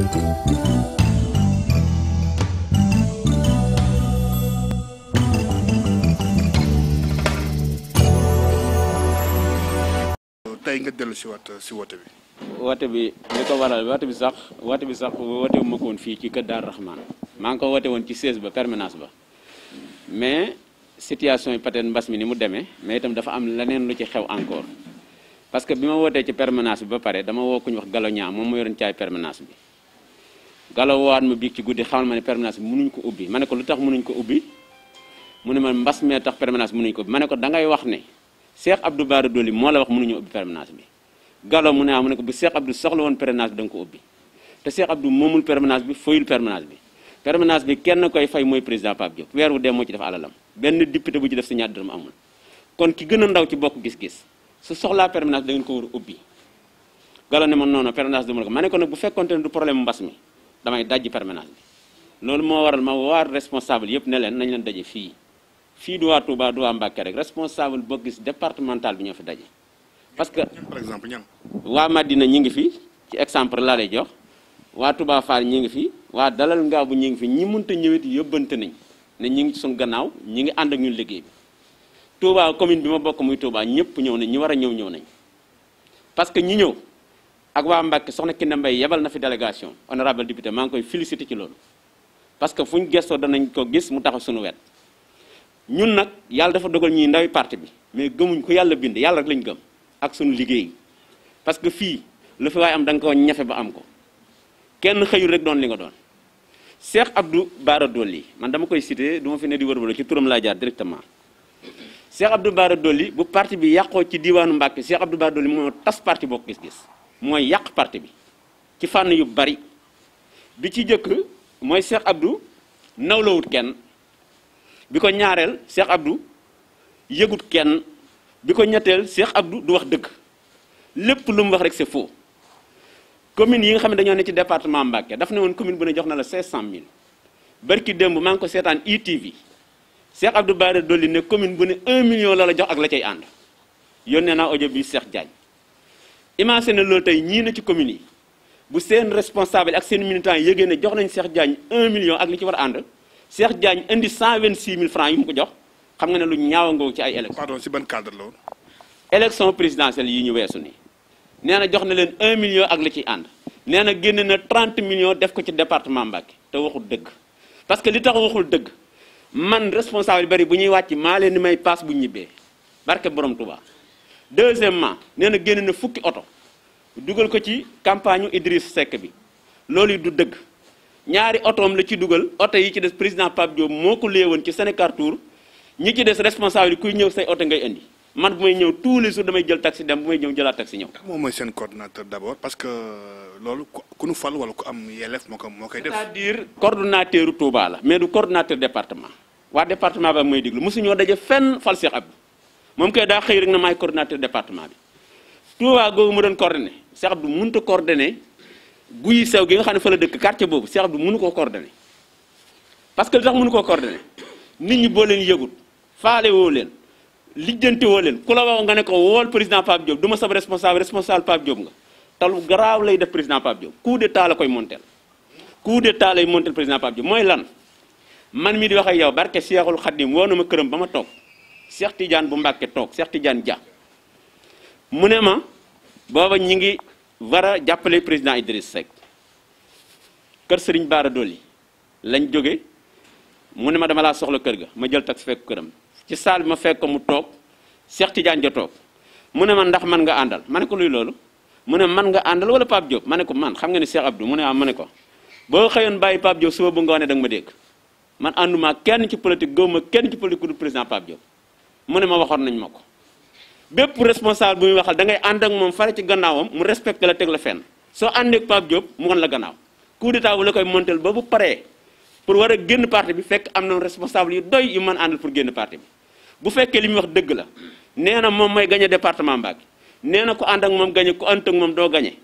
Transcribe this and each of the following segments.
tey nga dellu si wat si woote bi. woote bi li ko waral woote bi sax woote bi sax woote wu ma ko fii ci kër Daaru Rahman maa ngi ko woote woon ci siège ba permanence ba mais situation yi peut-être mbas mi ni mu demee mais itam dafa am leneen lu ci xew encore parce que bi ma wootee ci permanence bi ba pare dama woo ku ñu wax Galo Ñaa moom mu yoroon caay permanence bi. galawaat ma biig ci guddi xamal ma ne permanence bi mënuñ ko ubbi ma ne ko lu tax mënuñ ko ubbi mu ne ma mbas mee tax permanence mënuñ ko ma ne ko da wax ne Cheikh Abdou Bara Dolly moo la wax mënuñu ubbi bi galo mu ne ah mu ne ko bu Cheikh Abdou woon permanence bi da nga ko ubbi te Cheikh bi fayul permanence bi permanence bi kenn koy fay mooy président Pape dee moo ci def alalam benn député bu ci def sa ñaar dërëm amul kon ki gën ndaw ci bokk gis-gis su soxlaa permanence da ngeen ko war a ubbi galo ne ma noonu permanence ne ko ne ko nag bu fekkonte ne du problème mbas mi damay dajj permanence bi loolu moo waral ma waar responsable yëpp ne leen nañ leen daje fii fii du waa Touba du waa Mbacké rek responsable boo gis départemental bi ñoo fi daje. parce que exemple ñan waa Madina ñi ngi fi ci exemple laa lay jox waa Touba Fall ñi ngi fi waa Dalal bu ñi ngi fi ñi mënta ñëwit yëbbante nañ ne ñi ngi ci suñu gannaaw ñi ngi ànd ak ñu liggéey bi. Touba commune bi ma bokk muy Touba ñëpp ñëw nañ ñi war a ñëw ñëw nañ parce que ñi ñëw. ak waa Mbàkke soxna Kiné mbay yebal na fi délégation honorable député maa ngi koy félicité ci loolu parce que fu ñu gestoo danañ ko gis mu taxaw sunu wet ñun nag yàlla dafa dogal ñuy ndawi parti bi mais gëmuñ ko yàlla bind yàlla rek lañ gëm ak suñu liggéey parce que fii lu fi waaye am da nga ko ñafe ba am ko kenn xëyul rek doon li nga doon Cheikh Abdou Bara Dolly man dama koy cité du ma fi ne di wër ci turam laa jaar directement Cheikh Abdou Bara Dolly bu parti bi yàqoo ci diwaanu Mbàkke Cheikh Abdou Bara Dolly moo tas parti gis mooy yàq parti bi ci fànn yu bari bi ci jëkk mooy Cheikh Abdou nawlawut kenn bi ko ñaareel Cheikh Abdou yëgut kenn bi ko ñetteel Cheikh Abdou du wax dëgg lépp lu mu wax rek c'est faux commune yi nga xam ne dañoo ne ci département Mbacké daf ne woon commune bu ne jox na la 500000 barki démb maa ngi ko seetaan ITV Cheikh Abdou Bara Dolly ne commune bu ne un million la la jox ak la cay ànd yónnee naa ojo bi Cheikh Diagne. na loolu tey ñii na ci communes yi bu seen responsable ak seen militant yëgee ne jox nañ seex Diagne 1 million ak li ci war a ànd Cheikh Diagne indi 126 000 francs yu mu ko xam nga ne lu ñaaw ngoo ci ay élections. si ban cadre la woon. présidentielle yi ñu weesu nii nee na jox na leen un million ak li ciy ànd neena génne na 30 millions def ko ci département Mbacké te waxul dëgg parce que li tax waxul dëgg man responsable bari bu ñuy wàcc maa leen di may paas bu ñibbee barke borom Touba. deuxièmement nee na génn na fukki oto dugal ko ci campagne Idriss sekk bi loolu du dëgg ñaari otoom la ci dugal oto yi ci des président Pape Diop moo ko léewoon ci Sénécartour ñi ci des responsable yi kuy ñëw say oto ngay indi man bu may ñëw tous les jours damay jël taxi dem bu may ñëw jëlaat si ñëw. moom mooy seen coordonnateur d' abord parce que euh, loolu ku nu fal wala ku am yelleef moo ko moo koy def. cest diir dire coordonnateur mais du coordonnateur département waa département ba mooy diglu mosu ñoo daje fenn fal Cheikh Abdou moom kay daa xëy rek na maay coordinateur département bi Touba googu mu doon coordonné Cheikh Abdou mënut a coordonné guy sew gi nga xam ne fa la dëkk quartier boobu Cheikh Abdou mënu koo coordonné parce que li tax mënu koo coordonné nit ñi boo leen yëgut faale woo leen lijjanti woo leen ku la wax nga ne ko wool président Pape Diop du ma sab responsable responsable Pape Diop nga talu garaaw lay def président Pape Diop coup d'état la koy monteel coup d'état lay monteel président Pape Diop mooy lan man mi di wax yow barke Seexul Xaddim woo na ma këram ba ma toog Cheikh Tidiane bu Mbàkke toog Cheikh Tidiane Dia mu ne ma booba ñi ngi war a jàppale président Idriss Seck kër Sëriñ Baara Doli lañ jóge mu ne ma dama laa soxla kër ga ma jël tax fekk këram ci saal bi ma fekk ko mu toog Cheikh Tidiane Dia toog mu ne ma ndax man nga àndal ma ne ko luy loolu mu ne man nga àndal wala Pape Diop ma ne ko man xam nga ni Cheikh Abdou mu ne ah ma ne ko boo xëyoon bàyyi Pape Diop suba bu nga wane da ma dégg man ànduma kenn ci politique gëwuma kenn ci politique ku dul président Pape mu ne ma waxoon nañ ma ko bépp responsable bu muy waxal da ngay ànd ak moom fare ci gannaawam mu respecte la teg la fenn soo àndee ak Pape Diop mu won la gannaaw coup d'état bu la koy montel ba bu paree pour war a génn parti bi fekk am na responsable yu doy yu man àndal pour génn parti bi bu fekkee li muy wax dëgg la nee na moom mooy gagné département Mbacké nee na ku ànd ak moom gagné ku ànd ak moom doo gagné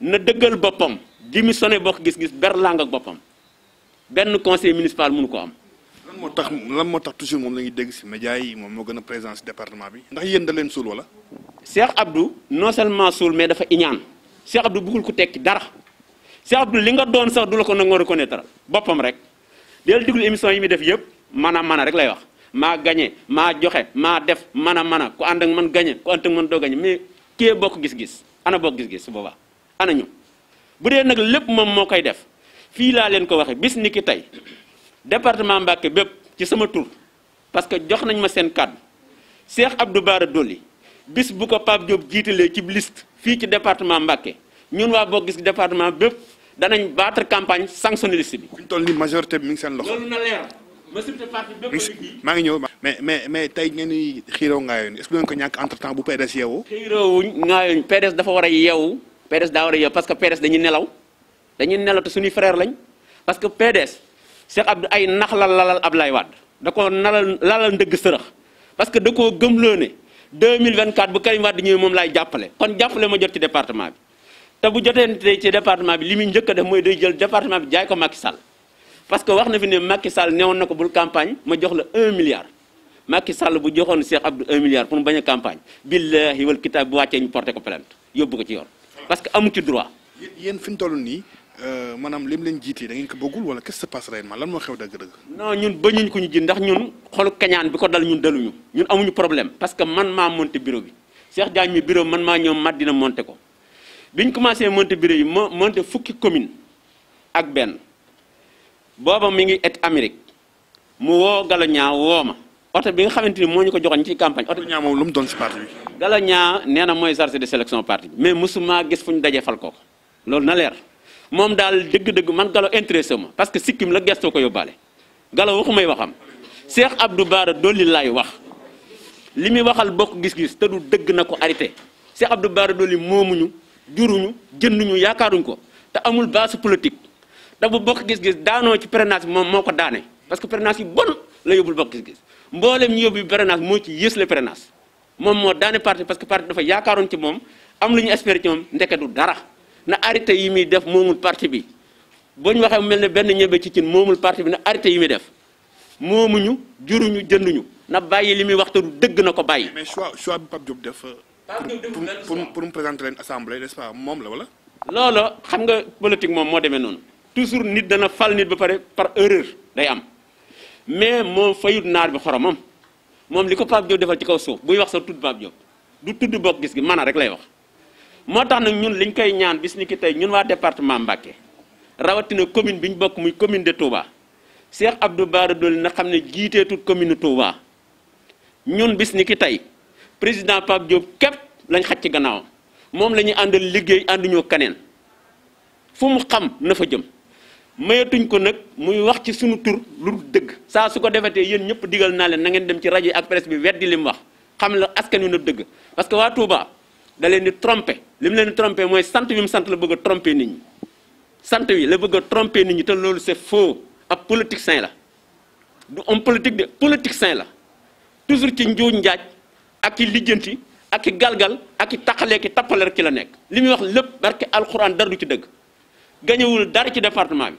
na dëggal boppam démissionné bokk gis-gis berlang ak boppam benn conseil municipal mënu ko am lan moo tax lan moo tax toujours moom la dégg si média yi moom moo gën a présent si bi ndax yéen da leen suul wala. Cheikh Abdou non seulement suul mais dafa iñaan Cheikh Abdou bëggul ku tekki dara Cheikh Abdou li nga doon sax du la ko nag nangoo reconnaître boppam rek del diglu émission yi muy def yëpp man a man rek lay wax maa gañe maa joxe maa def man a man a ku ànd ak man gañe ku ànd ak man doo gañe mais kee bokk gis-gis ana bokk gis-gis su boobaa ana ñu moo koy def département Mbacké bépp ci sama tur parce que jox nañ ma seen kàddu Cheikh Abdou Bara Dolly bis bu ko Pape Diop jiitalee ci liste fii ci département Mbacké ñun waa boo gis département bépp danañ battre campagne sanctionner liste bi. bu ñu toll nii ngi seen loxo. loolu na maa ngi ñëw mais mais mais tey ngeen di xiiroo ngaayoon est-ce que ngeen ko ñàkk entre temps bu PDS yeewoo. xiiroowuñ ngaayoon PDS dafa war a yeewu PDS daa war a yeewu parce que PDS dañuy nelaw dañuy nelaw te suñuy frère lañ parce que Cheikh Abdou ay nax la lalal Ablaye Wade da ko nalal lalal ndëgg sërëx parce que da koo gëmloo ne 2024 bu Karim Wade ñëwee moom laay jàppale kon jàppale ma jot ci département bi te bu jotee ci département bi li muy njëkk a mooy day jël département bi jaay ko Macky Sall parce que wax na fi ne Macky Sall newoon na ko bul campagne ma jox la 1 milliard Macky Sall bu joxoon Cheikh Abdou 1 milliard pour mu bañ campagne billahi wal kitaab bu wàccee ñu ko plainte yóbbu ko ci yoon parce que amu ci droit. yéen fi ñu toll nii Euh, maanaam lim leen jiitee da ngeen ko bëggul wala kes ce qui se passe lan moo xew dagg dagg non ñun bañuñ ko ñu ji ndax ñun xolu kañaan bi ko dal ñun daluñu ñun amuñu problème parce que man maa monté bureau bi Cheikh Diagne mi bureau man maa ñoom Madina monté ko biñ commencé monté bureau yi ma monté fukki commune ak benn booba mi ngi et Amérique mu woo Galaña woo ma oto bi nga xamante ni moo ñu ko joxoon ci campagne. oto Galaña moom lu mu doon si parti bi. Galaña nee na mooy chargé de sélection parti bi mais mosuma gis fu ñu dajee fal ko loolu na leer. moom daal dëgg-dëgg man Gallo intéressé ma parce que sikkim la gestoo ko yóbbaale Gallo waxu may waxam Cheikh Abdou Bara Dolly laay wax li muy waxal bokk gis-gis te du dëgg na ko arrêté Cheikh Abdou Bara Dolly moomuñu juruñu jënduñu yaakaaruñ ko te amul base politique te bu bokk gis-gis daanoo ci parrainage moom moo ko daane parce que parrainage yi bon la yóbbul bokk gis-gis mboolem ñu yóbbu parrainage moo ci yées le parrainage moom moo daane parti parce que parti dafa yaakaaroon ci moom am lu ñu espérer ci moom ndeke dara. na arrêté yi muy def moomul parti bi boo ñu waxee mu mel ne benn ñebe ci cin moomul parti bi na arrêté yi muy def moomuñu juruñu jënduñu na bàyyi li muy wax te dëgg na ko bàyyi. mais choix choix bi Pape Diop def. Euh, pour pour mu présenter leen assemblée moom la wala. loolu xam nga politique moom moo demee noonu toujours nit dana fal nit ba pare par erreur day am mais moom fayut naar bi xoromam moom li ko Pape Diop defal ci kaw suuf buy wax sa tudd Pape Diop du tudd bokk gis gi man rek lay wax. moo tax nag ñun liñ koy ñaan bis ni tey ñun waa département Mbacké rawatina commune bi ñu bokk muy commune de Touba Cheikh Abdou Bara Dolly na xam ne jiiteetul commune Touba ñun bis ni ki tey président Pape Diop képp lañ xaj ci gannaawam moom la ñuy àndal liggéey àndiñoo kaneen fu mu xam na fa jëm mayatuñ ko nag muy wax ci suñu tur lu dëgg saa su ko defetee yéen ñëpp digal naa leen na ngeen dem ci rajo yi ak presse bi weddi li wax xam la askan wi na dëgg da leen di tromper li mu leen di tromper mooy sant bi mu sant la bëgg a tromper nit ñi sant wi la bëgg a tromper nit ñi te loolu c'est faux ab politicien la du homme politique de politicien la toujours ci njuuj njaaj ak ki lijjanti ak i galgal ak i taqalee ki tappale rek ci la nekk li muy wax lépp barke alxuraan dara du ci dëgg gañewul dara ci département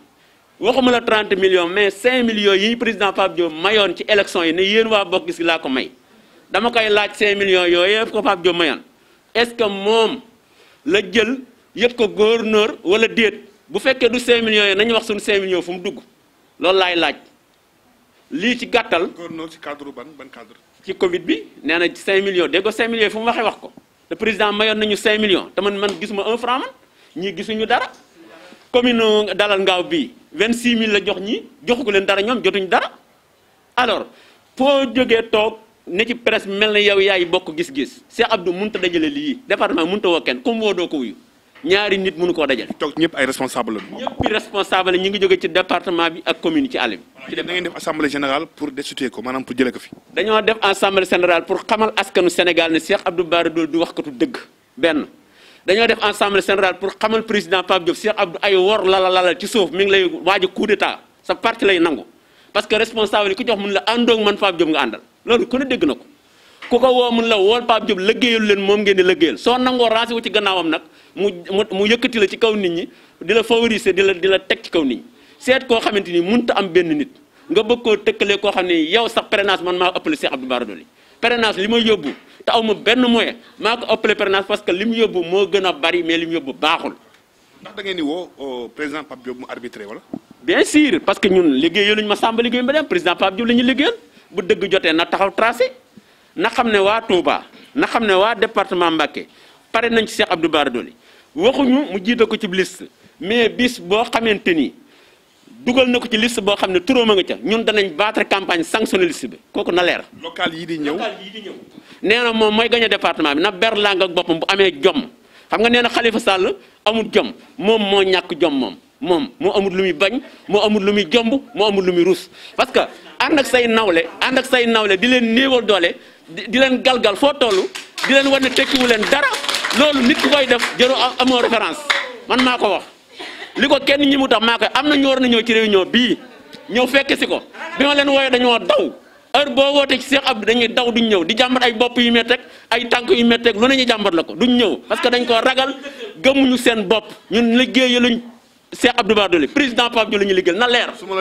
bi waxuma la 30 millions mais 5 millions yi président Pape Diop mayoon ci élection yi ne yéen waa bokk gis laa ko may dama koy laaj 5 millions yooyu ko Pape Diop est-ce que moom la jël yët ko gouverneur wala déet bu fekkee du 5 millions yi nañu wax suñu 5 millions fu mu dugg loolu laay laaj lii ci gàttal. gouverneur ci cadre ban ban cadre. ci Covid bi nee na 5 millions dégg nga 5 yi fu mu waxee wax ko le président mayoon nañu 5 millions te man man gisuma un franc man ñii gisuñu dara. commune Dalal Ngaaw bii 26000 la jox ñi joxu ko leen dara ñoom jotuñu dara alors foo jógee toog. ne ci presse mel na yow yaay bokk gis-gis Cheikh Abdou mënut a dajale lii département mënut a woo kenn comme woo doo ko wuyu ñaari nit mënu koo dajale. toog ñëpp ay responsable la. ñëpp ñu ñi ngi jóge ci département bi ak commune ci àll bi. ci da ngeen def assemblée générale pour destituer ko maanaam pour jëlee ko fi. dañoo def assemblée générale pour xamal askanu Sénégal ne Cheikh Abdou Bara Dolly du waxkatu dëgg benn. dañoo def assemblée générale pour xamal président Pape Diop Cheikh Abdou ay wor lala lala ci suuf mi ngi lay waaj a coup lay nangu parce que responsable yi ku jox mun la àndoog man Pape Diop nga àndal. loolu ku ne dégg na ko ku ko woo mun la wool Pape Diop liggéeyal leen moom ngeen di liggéeyal soo nangoo raasi wu ci gannaawam nag mu mu yëkkati la ci kaw nit ñi di la favoriser di la di la teg ci kaw nit ñi seet koo xamante ni mënut a am benn nit nga bëgg koo tëkkalee koo xam ne yow sax parrainage man maa ëppale Cheikh Abdou Bara Dolly parrainage li ma yóbbu te aw ma benn moyen maa ko ëppale parrainage parce que li mu yóbbu moo gën a bari mais li mu yóbbu baaxul. ndax da ngeen di woo euh, président ñu ma bu dëgg jotee na taxaw trasé na xam ne waa Touba na xam ne waa departement Mbacké pare nañ ci Cheikh Abdou Bara Dolly waxuñu mu jiite ko ci liste mais bis boo xamante ni dugal na ko ci liste boo xam ne turóom a nga ca ñun danañ battre campagne sanctionné liste bi kooku na leer. local yi di ñëw nee na moom mooy gagné département bi na berlang ak boppam bu amee jomm xam nga nee na Khalifa Sall amul jom moom moo ñàkk jomm moom. moom moo amul lu muy bañ moo amul lu muy jomb moo amul lu muy ruus parce que ànd ak say nawle ànd ak say nawle di leen néewal doole di leen galgal foo toll di leen war ne tekkiwu leen dara loolu nit ku koy def jëro amoo référence man maa ko wax li ko kenn ñi mu tax maa koy am na ñu war na ñëw ci réunion bii ñëw fekk si ko bi ma leen wooyee dañoo daw heure boo wootee ci Cheikh Abdou dañuy daw duñ ñëw di jàmbat ay bopp yu métteeg ay tànk yu métteeg lu ne ñu jàmbat la ko duñ ñëw parce que dañ ko ragal gëmuñu seen bopp ñun liggéey luñ Cheikh Abdou Bara Dolly président Pape Diop la ñu liggéeyal na leer. su ma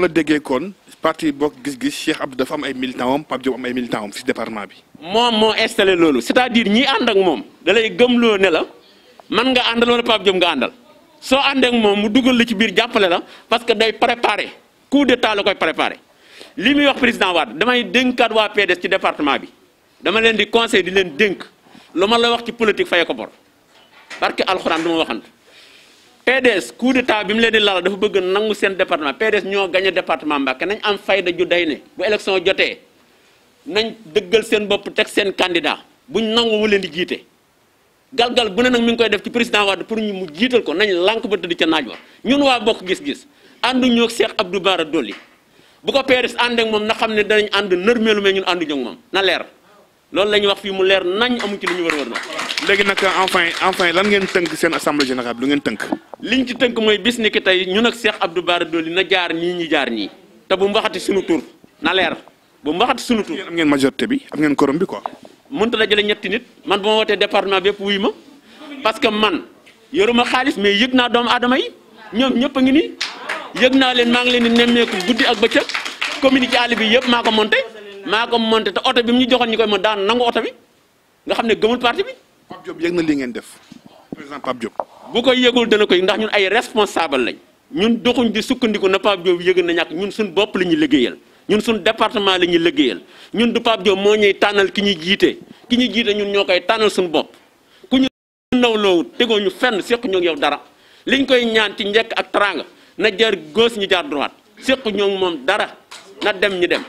la déggee su parti bokk gis-gis Cheikh Abdou dafa am ay militant am Pape Diop am ay militant am si département bi. moom moo installé loolu c'est-à-dire ñi ànd ak moom da lay gëmloo ne la man nga àndal wala Pape Diop nga àndal soo ànd ak moom mu dugal la ci biir jàppale la parce que day préparé coup d'état la koy préparé li muy wax président Wade damay dénkaat waa PDS ci département bi dama leen di conseil di leen dénk lu ma la wax ci politique fay ko bor PDS coup d'état bi mu leen di laal dafa bëgg nangu seen département PDS ñoo gañe département Mbacké nañ am fayda ju day ne bu élection jotee nañ dëggal seen bopp teg seen bu ñu nangu mu leen di jiite. galgal bu ne nag mi ngi koy def ci président Wade pour ñu mu jiital ko nañ lànk ba tëdd ca naaj wa ñun waa bokk gis-gis ànduñu ak Cheikh Abdou Bara Dolly bu ko PDS ànd ak moom na xam ne danañ ànd nërmeelu mais ñun ànduñu ak moom na leer. loolu la ñuy wax fii mu leer nañ amuñ ci lu ñu wër-wër na léegi nag enfin enfin lan ngeen tënk seen assemblée générale lu ngeen tënk. liñ ci tënk mooy bis ni ki tey ñun ak Cheikh Abdou Bara Dolly na jaar nii ñi jaar nii te bu mu waxati suñu tur na leer bu mu waxati suñu tur. am ngeen majorité bi am ngeen quorum bi quoi. mënut a dajale ñetti nit man bu ma wootee département bépp wuy ma parce que man yoruma xaalis mais yëg naa doomu aadama yi ñoom ñëpp a ngi nii yëg naa leen ngi leen di nemmeeku guddi ak bëccëg commune ci àll bi yëpp maa maa ko monté te oto bi mu ñu joxoon ñu koy mën daan nangu oto bi nga xam ne gëmul parti bi. Pape na li ngeen def président Pape Diop. bu koy yëgul dana koy ndax ñun ay responsable lañ ñun doxuñ di sukkandiku na Pape Diop yëg na ñàkk ñun suñ bopp la ñuy liggéeyal ñun suñ département la ñuy liggéeyal ñun du Pape Diop moo ñuy tànnal ki ñuy jiite ki ñuy jiite ñun ñoo koy tànnal suñu bopp ku ñu naw loowu tegoo ñu fenn séq ñoo ngi yow dara liñ koy ñaan ci njekk ak teraanga na jar gauche ñu jaar droite séq ñoo ngi moom dara na dem ñu dem